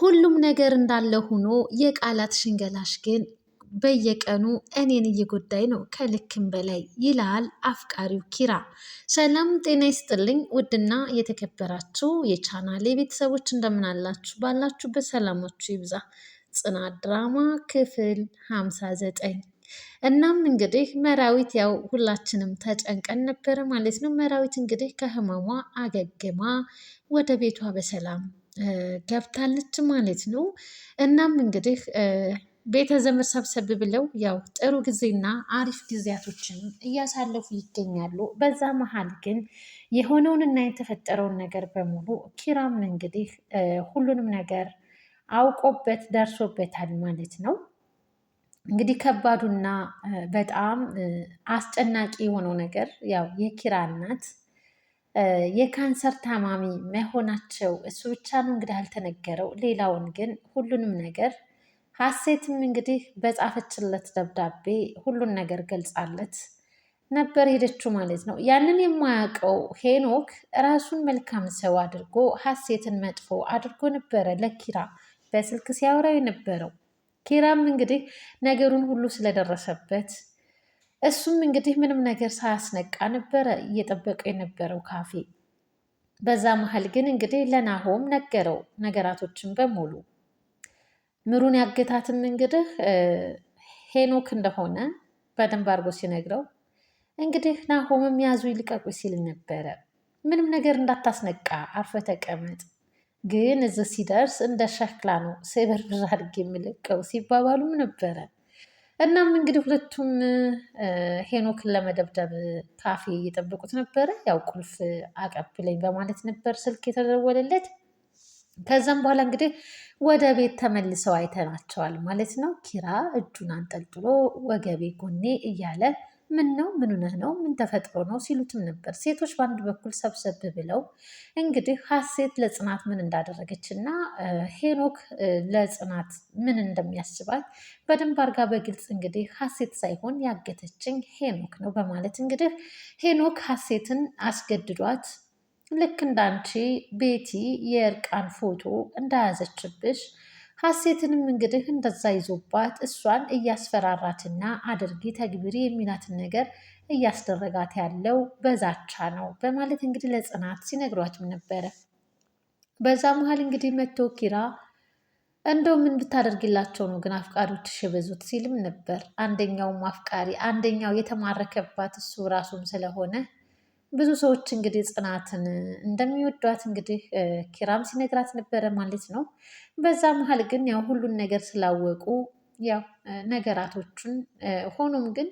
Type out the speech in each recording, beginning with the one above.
ሁሉም ነገር እንዳለ ሆኖ የቃላት ሽንገላሽ ግን በየቀኑ እኔን እየጎዳኝ ነው ከልክም በላይ ይላል አፍቃሪው ኪራ። ሰላም ጤና ይስጥልኝ ውድና የተከበራችሁ የቻናሌ ቤተሰቦች እንደምናላችሁ፣ ባላችሁ ሰላማችሁ ይብዛ። ጽናት ድራማ ክፍል 59 እናም እንግዲህ መራዊት ያው ሁላችንም ተጨንቀን ነበረ ማለት ነው። መራዊት እንግዲህ ከህመሟ አገግማ ወደ ቤቷ በሰላም ገብታለች ማለት ነው። እናም እንግዲህ ቤተ ዘመድ ሰብሰብ ብለው ያው ጥሩ ጊዜና አሪፍ ጊዜያቶችን እያሳለፉ ይገኛሉ። በዛ መሀል ግን የሆነውንና የተፈጠረውን ነገር በሙሉ ኪራም እንግዲህ ሁሉንም ነገር አውቆበት ደርሶበታል ማለት ነው። እንግዲህ ከባዱና በጣም አስጨናቂ የሆነው ነገር ያው የኪራ እናት የካንሰር ታማሚ መሆናቸው እሱ ብቻ ነው እንግዲህ አልተነገረው። ሌላውን ግን ሁሉንም ነገር ሀሴትም እንግዲህ በጻፈችለት ደብዳቤ ሁሉን ነገር ገልጻለት ነበር ሄደችው ማለት ነው። ያንን የማያውቀው ሄኖክ ራሱን መልካም ሰው አድርጎ ሀሴትን መጥፎ አድርጎ ነበረ ለኪራ በስልክ ሲያወራው የነበረው። ኪራም እንግዲህ ነገሩን ሁሉ ስለደረሰበት እሱም እንግዲህ ምንም ነገር ሳያስነቃ ነበረ እየጠበቀ የነበረው ካፌ። በዛ መሀል ግን እንግዲህ ለናሆም ነገረው ነገራቶችን በሙሉ ምሩን ያገታትም እንግዲህ ሄኖክ እንደሆነ በደንብ አድርጎ ሲነግረው እንግዲህ ናሆምም ያዙ ይልቀቁ ሲል ነበረ። ምንም ነገር እንዳታስነቃ አርፈ ተቀመጥ፣ ግን እዚህ ሲደርስ እንደ ሸክላ ነው ስብርብር አድርጌ የምለቀው ሲባባሉም ነበረ። እናም እንግዲህ ሁለቱም ሄኖክን ለመደብደብ ካፌ እየጠበቁት ነበረ። ያው ቁልፍ አቀብለኝ በማለት ነበር ስልክ የተደወለለት። ከዛም በኋላ እንግዲህ ወደ ቤት ተመልሰው አይተናቸዋል ማለት ነው። ኪራ እጁን አንጠልጥሎ ወገቤ ጎኔ እያለ ምን ነው ምን ነው ምን ተፈጥሮ ነው ሲሉትም ነበር። ሴቶች በአንድ በኩል ሰብሰብ ብለው እንግዲህ ሀሴት ለጽናት ምን እንዳደረገች እና ሄኖክ ለጽናት ምን እንደሚያስባት በደንብ አርጋ በግልጽ እንግዲህ ሀሴት ሳይሆን ያገተችኝ ሄኖክ ነው በማለት እንግዲህ ሄኖክ ሀሴትን አስገድዷት ልክ እንዳንቺ ቤቲ የእርቃን ፎቶ እንዳያዘችብሽ ሀሴትንም እንግዲህ እንደዛ ይዞባት እሷን እያስፈራራትና አድርጊ ተግብሪ የሚላትን ነገር እያስደረጋት ያለው በዛቻ ነው በማለት እንግዲህ ለጽናት ሲነግሯትም ነበረ። በዛ መሀል እንግዲህ መቶ ኪራ እንደው ምን ብታደርግላቸው ነው ግን አፍቃሪዎችሽ የበዙት ሲልም ነበር። አንደኛውም አፍቃሪ አንደኛው የተማረከባት እሱ ራሱም ስለሆነ ብዙ ሰዎች እንግዲህ ጽናትን እንደሚወዷት እንግዲህ ኪራም ሲነግራት ነበረ ማለት ነው። በዛ መሀል ግን ያው ሁሉን ነገር ስላወቁ ያው ነገራቶቹን ሆኖም ግን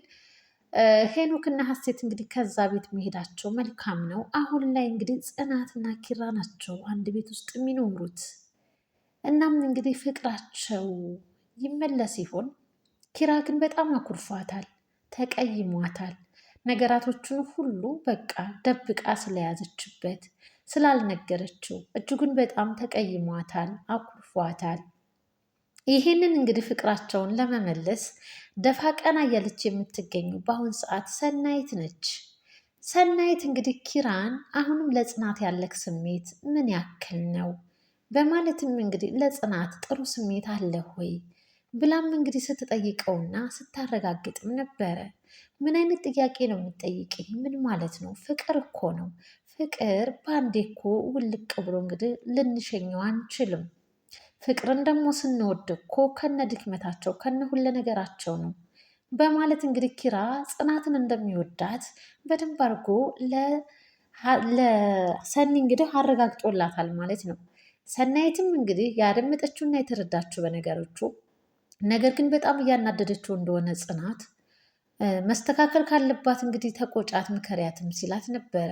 ሄኖክና ሀሴት እንግዲህ ከዛ ቤት መሄዳቸው መልካም ነው። አሁን ላይ እንግዲህ ጽናትና ኪራ ናቸው አንድ ቤት ውስጥ የሚኖሩት። እናም እንግዲህ ፍቅራቸው ይመለስ ይሆን? ኪራ ግን በጣም አኩርፏታል፣ ተቀይሟታል። ነገራቶቹን ሁሉ በቃ ደብቃ ስለያዘችበት ስላልነገረችው እጅጉን በጣም ተቀይሟታል፣ አኩርፏታል። ይህንን እንግዲህ ፍቅራቸውን ለመመለስ ደፋ ቀና እያለች የምትገኘው በአሁን ሰዓት ሰናይት ነች። ሰናይት እንግዲህ ኪራን አሁንም ለጽናት ያለክ ስሜት ምን ያክል ነው? በማለትም እንግዲህ ለጽናት ጥሩ ስሜት አለ ወይ ብላም እንግዲህ ስትጠይቀውና ስታረጋግጥም ነበረ። ምን አይነት ጥያቄ ነው የምትጠይቅ? ምን ማለት ነው? ፍቅር እኮ ነው። ፍቅር በአንዴ እኮ ውልቅ ብሎ እንግዲህ ልንሸኘው አንችልም። ፍቅርን ደግሞ ስንወድ እኮ ከነ ድክመታቸው ከነ ሁለ ነገራቸው ነው በማለት እንግዲህ ኪራ ጽናትን እንደሚወዳት በደንብ አድርጎ ለሰኒ እንግዲህ አረጋግጦላታል ማለት ነው። ሰናይትም እንግዲህ ያደመጠችውና የተረዳችው በነገሮቹ ነገር ግን በጣም እያናደደችው እንደሆነ ጽናት መስተካከል ካለባት እንግዲህ ተቆጫት ምከሪያትም ሲላት ነበረ።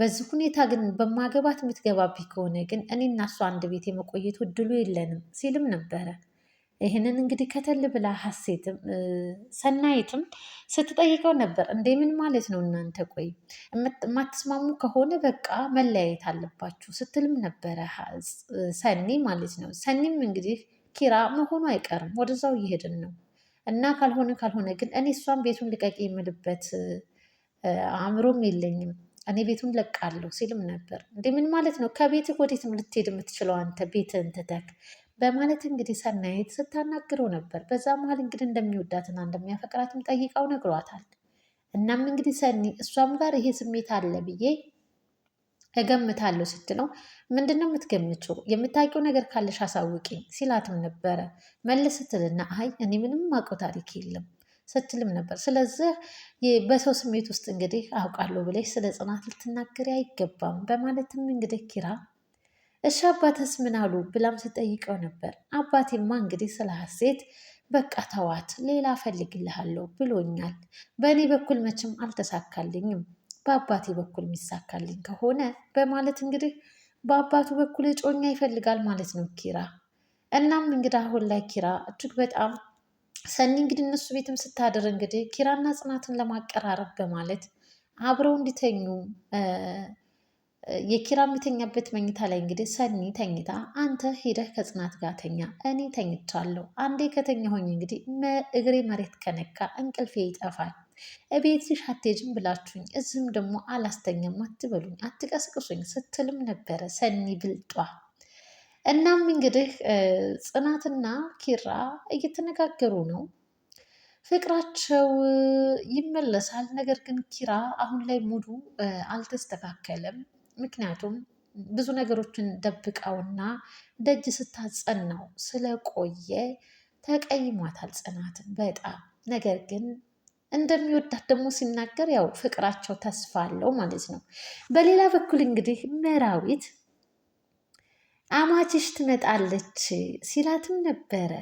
በዚህ ሁኔታ ግን በማገባት የምትገባቢ ከሆነ ግን እኔና እሷ አንድ ቤት የመቆየት እድሉ የለንም ሲልም ነበረ። ይህንን እንግዲህ ከተል ብላ ሀሴትም ሰናይትም ስትጠይቀው ነበር። እንዴ ምን ማለት ነው እናንተ? ቆይ የማትስማሙ ከሆነ በቃ መለያየት አለባችሁ ስትልም ነበረ ሰኒ ማለት ነው። ሰኒም እንግዲህ ኪራ መሆኑ አይቀርም። ወደዛው እየሄድን ነው እና ካልሆነ ካልሆነ ግን እኔ እሷን ቤቱን ልቀቂ የምልበት አእምሮም የለኝም። እኔ ቤቱን ለቃለሁ ሲልም ነበር። እንዴ ምን ማለት ነው? ከቤት ወዴት ልትሄድ የምትችለው አንተ ቤትህን ትተክ በማለት እንግዲህ ሰናይት ስታናግረው ነበር። በዛ መሀል እንግዲህ እንደሚወዳትና እንደሚያፈቅራትም ጠይቃው ነግሯታል። እናም እንግዲህ ሰኒ እሷም ጋር ይሄ ስሜት አለ ብዬ እገምታለሁ ስትለው ምንድን ነው የምትገምችው? የምታውቂው ነገር ካለሽ አሳውቂ ሲላትም ነበረ። መለስ ስትልና አይ እኔ ምንም ማውቀው ታሪክ የለም ስትልም ነበር። ስለዚህ በሰው ስሜት ውስጥ እንግዲህ አውቃለሁ ብለሽ ስለ ጽናት ልትናገሪ አይገባም በማለትም እንግዲህ ኪራ እሺ አባትስ ምን አሉ ብላም ስጠይቀው ነበር። አባቴማ እንግዲህ ስለ ሀሴት በቃ ተዋት፣ ሌላ ፈልግልሃለሁ ብሎኛል። በእኔ በኩል መቼም አልተሳካልኝም በአባቴ በኩል የሚሳካልኝ ከሆነ በማለት እንግዲህ በአባቱ በኩል እጮኛ ይፈልጋል ማለት ነው ኪራ። እናም እንግዲህ አሁን ላይ ኪራ እጅግ በጣም ሰኒ እንግዲህ እነሱ ቤትም ስታድር እንግዲህ ኪራና ጽናትን ለማቀራረብ በማለት አብረው እንዲተኙ የኪራ የሚተኛበት መኝታ ላይ እንግዲህ ሰኒ ተኝታ አንተ ሄደህ ከጽናት ጋር ተኛ፣ እኔ ተኝቻለሁ። አንዴ ከተኛ ሆኝ እንግዲህ እግሬ መሬት ከነካ እንቅልፌ ይጠፋል እቤትሽ አትሄጂም ብላችሁኝ እዚህም ደግሞ አላስተኛም አትበሉኝ፣ አትቀስቅሱኝ ስትልም ነበረ ሰኒ ብልጧ። እናም እንግዲህ ጽናትና ኪራ እየተነጋገሩ ነው። ፍቅራቸው ይመለሳል። ነገር ግን ኪራ አሁን ላይ ሙዱ አልተስተካከለም። ምክንያቱም ብዙ ነገሮችን ደብቀውና ደጅ ስታጸናው ስለቆየ ተቀይሟታል ጽናትን በጣም ነገር ግን እንደሚወዳት ደግሞ ሲናገር ያው ፍቅራቸው ተስፋ አለው ማለት ነው። በሌላ በኩል እንግዲህ መራዊት አማችሽ ትመጣለች ሲላትም ነበረ።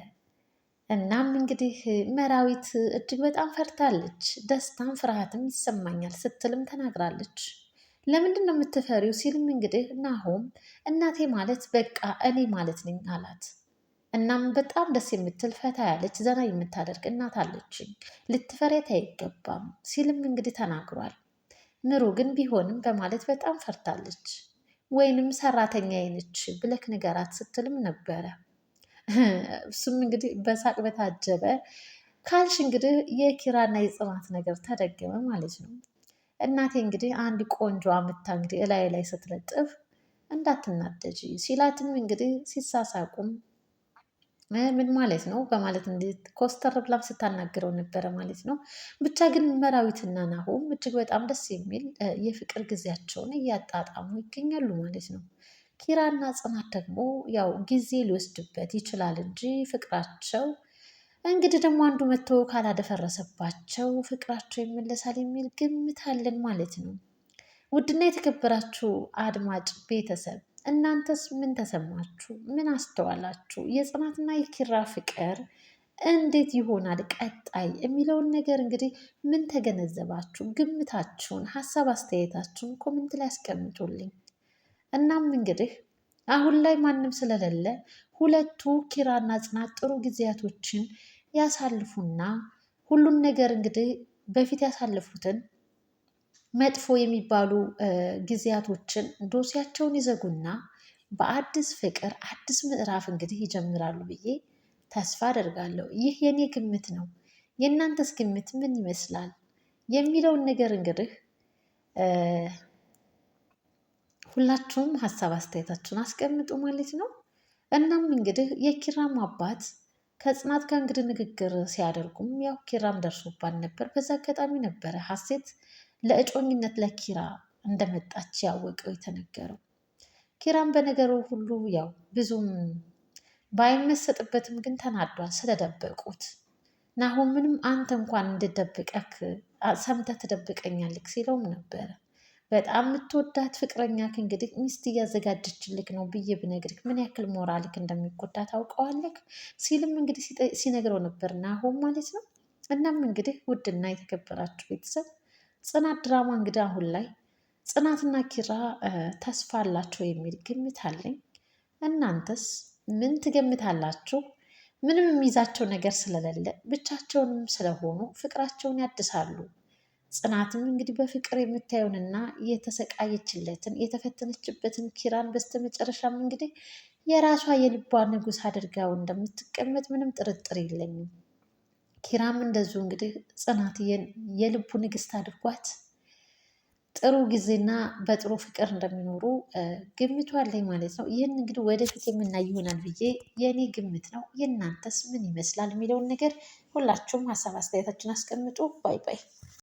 እናም እንግዲህ መራዊት እጅግ በጣም ፈርታለች። ደስታም ፍርሃትም ይሰማኛል ስትልም ተናግራለች። ለምንድን ነው የምትፈሪው ሲልም እንግዲህ ናሆም እናቴ ማለት በቃ እኔ ማለት ነኝ አላት። እናም በጣም ደስ የምትል ፈታ ያለች ዘና የምታደርግ እናት አለችኝ፣ ልትፈሬት አይገባም ሲልም እንግዲህ ተናግሯል። ምሩ ግን ቢሆንም በማለት በጣም ፈርታለች። ወይንም ሰራተኛ አይነች ብለክ ንገራት ስትልም ነበረ። እሱም እንግዲህ በሳቅ በታጀበ ካልሽ እንግዲህ የኪራና የጽናት ነገር ተደገመ ማለት ነው። እናቴ እንግዲህ አንድ ቆንጆ አምታ እንግዲህ እላይ ላይ ስትለጥፍ እንዳትናደጂ ሲላትም እንግዲህ ሲሳሳቁም ምን ማለት ነው በማለት ኮስተር ብላም ስታናግረው ነበረ ማለት ነው። ብቻ ግን መራዊትና ናሁም እጅግ በጣም ደስ የሚል የፍቅር ጊዜያቸውን እያጣጣሙ ይገኛሉ ማለት ነው። ኪራና ጽናት ደግሞ ያው ጊዜ ሊወስድበት ይችላል እንጂ ፍቅራቸው እንግዲህ ደግሞ አንዱ መጥቶ ካላደፈረሰባቸው ፍቅራቸው ይመለሳል የሚል ግምት አለን ማለት ነው። ውድና የተከበራችሁ አድማጭ ቤተሰብ እናንተስ ምን ተሰማችሁ? ምን አስተዋላችሁ? የጽናትና የኪራ ፍቅር እንዴት ይሆናል ቀጣይ የሚለውን ነገር እንግዲህ ምን ተገነዘባችሁ? ግምታችሁን፣ ሀሳብ አስተያየታችሁን ኮምንት ላይ አስቀምጡልኝ። እናም እንግዲህ አሁን ላይ ማንም ስለሌለ ሁለቱ ኪራና ጽናት ጥሩ ጊዜያቶችን ያሳልፉና ሁሉን ነገር እንግዲህ በፊት ያሳልፉትን መጥፎ የሚባሉ ጊዜያቶችን ዶሴያቸውን ይዘጉና በአዲስ ፍቅር አዲስ ምዕራፍ እንግዲህ ይጀምራሉ ብዬ ተስፋ አደርጋለሁ። ይህ የኔ ግምት ነው። የእናንተስ ግምት ምን ይመስላል የሚለውን ነገር እንግዲህ ሁላችሁም ሀሳብ አስተያየታችሁን አስቀምጡ ማለት ነው። እናም እንግዲህ የኪራም አባት ከጽናት ጋር እንግዲህ ንግግር ሲያደርጉም ያው ኪራም ደርሶባል ነበር። በዛ አጋጣሚ ነበረ ሀሴት ለእጮኝነት ለኪራ እንደመጣች ያወቀው የተነገረው። ኪራም በነገሩ ሁሉ ያው ብዙም ባይመሰጥበትም ግን ተናዷል ስለደበቁት። ናሁ ምንም አንተ እንኳን እንድደብቀክ ሰምተህ ትደብቀኛልክ ሲለውም ነበረ። በጣም የምትወዳት ፍቅረኛክ እንግዲህ ሚስት እያዘጋጀችልክ ነው ብዬ ብነግርክ ምን ያክል ሞራልክ እንደሚጎዳ ታውቀዋለክ ሲልም እንግዲህ ሲነግረው ነበር ናሆም ማለት ነው። እናም እንግዲህ ውድና የተከበራችሁ ቤተሰብ ጽናት ድራማ እንግዲህ አሁን ላይ ጽናትና ኪራ ተስፋ አላቸው የሚል ግምት አለኝ። እናንተስ ምን ትገምታላችሁ? ምንም የሚይዛቸው ነገር ስለሌለ ብቻቸውንም ስለሆኑ ፍቅራቸውን ያድሳሉ። ጽናትም እንግዲህ በፍቅር የምታየውንና የተሰቃየችለትን የተፈተነችበትን ኪራን በስተመጨረሻም እንግዲህ የራሷ የልቧ ንጉሥ አድርጋው እንደምትቀመጥ ምንም ጥርጥር የለኝም። ኪራም እንደዚሁ እንግዲህ ጽናትዬን የልቡ ንግስት አድርጓት ጥሩ ጊዜና በጥሩ ፍቅር እንደሚኖሩ ግምቱ አለኝ ማለት ነው። ይህን እንግዲህ ወደፊት የምናይ ይሆናል ብዬ የእኔ ግምት ነው። የእናንተስ ምን ይመስላል የሚለውን ነገር ሁላችሁም ሀሳብ አስተያየታችን አስቀምጡ። ባይ ባይ።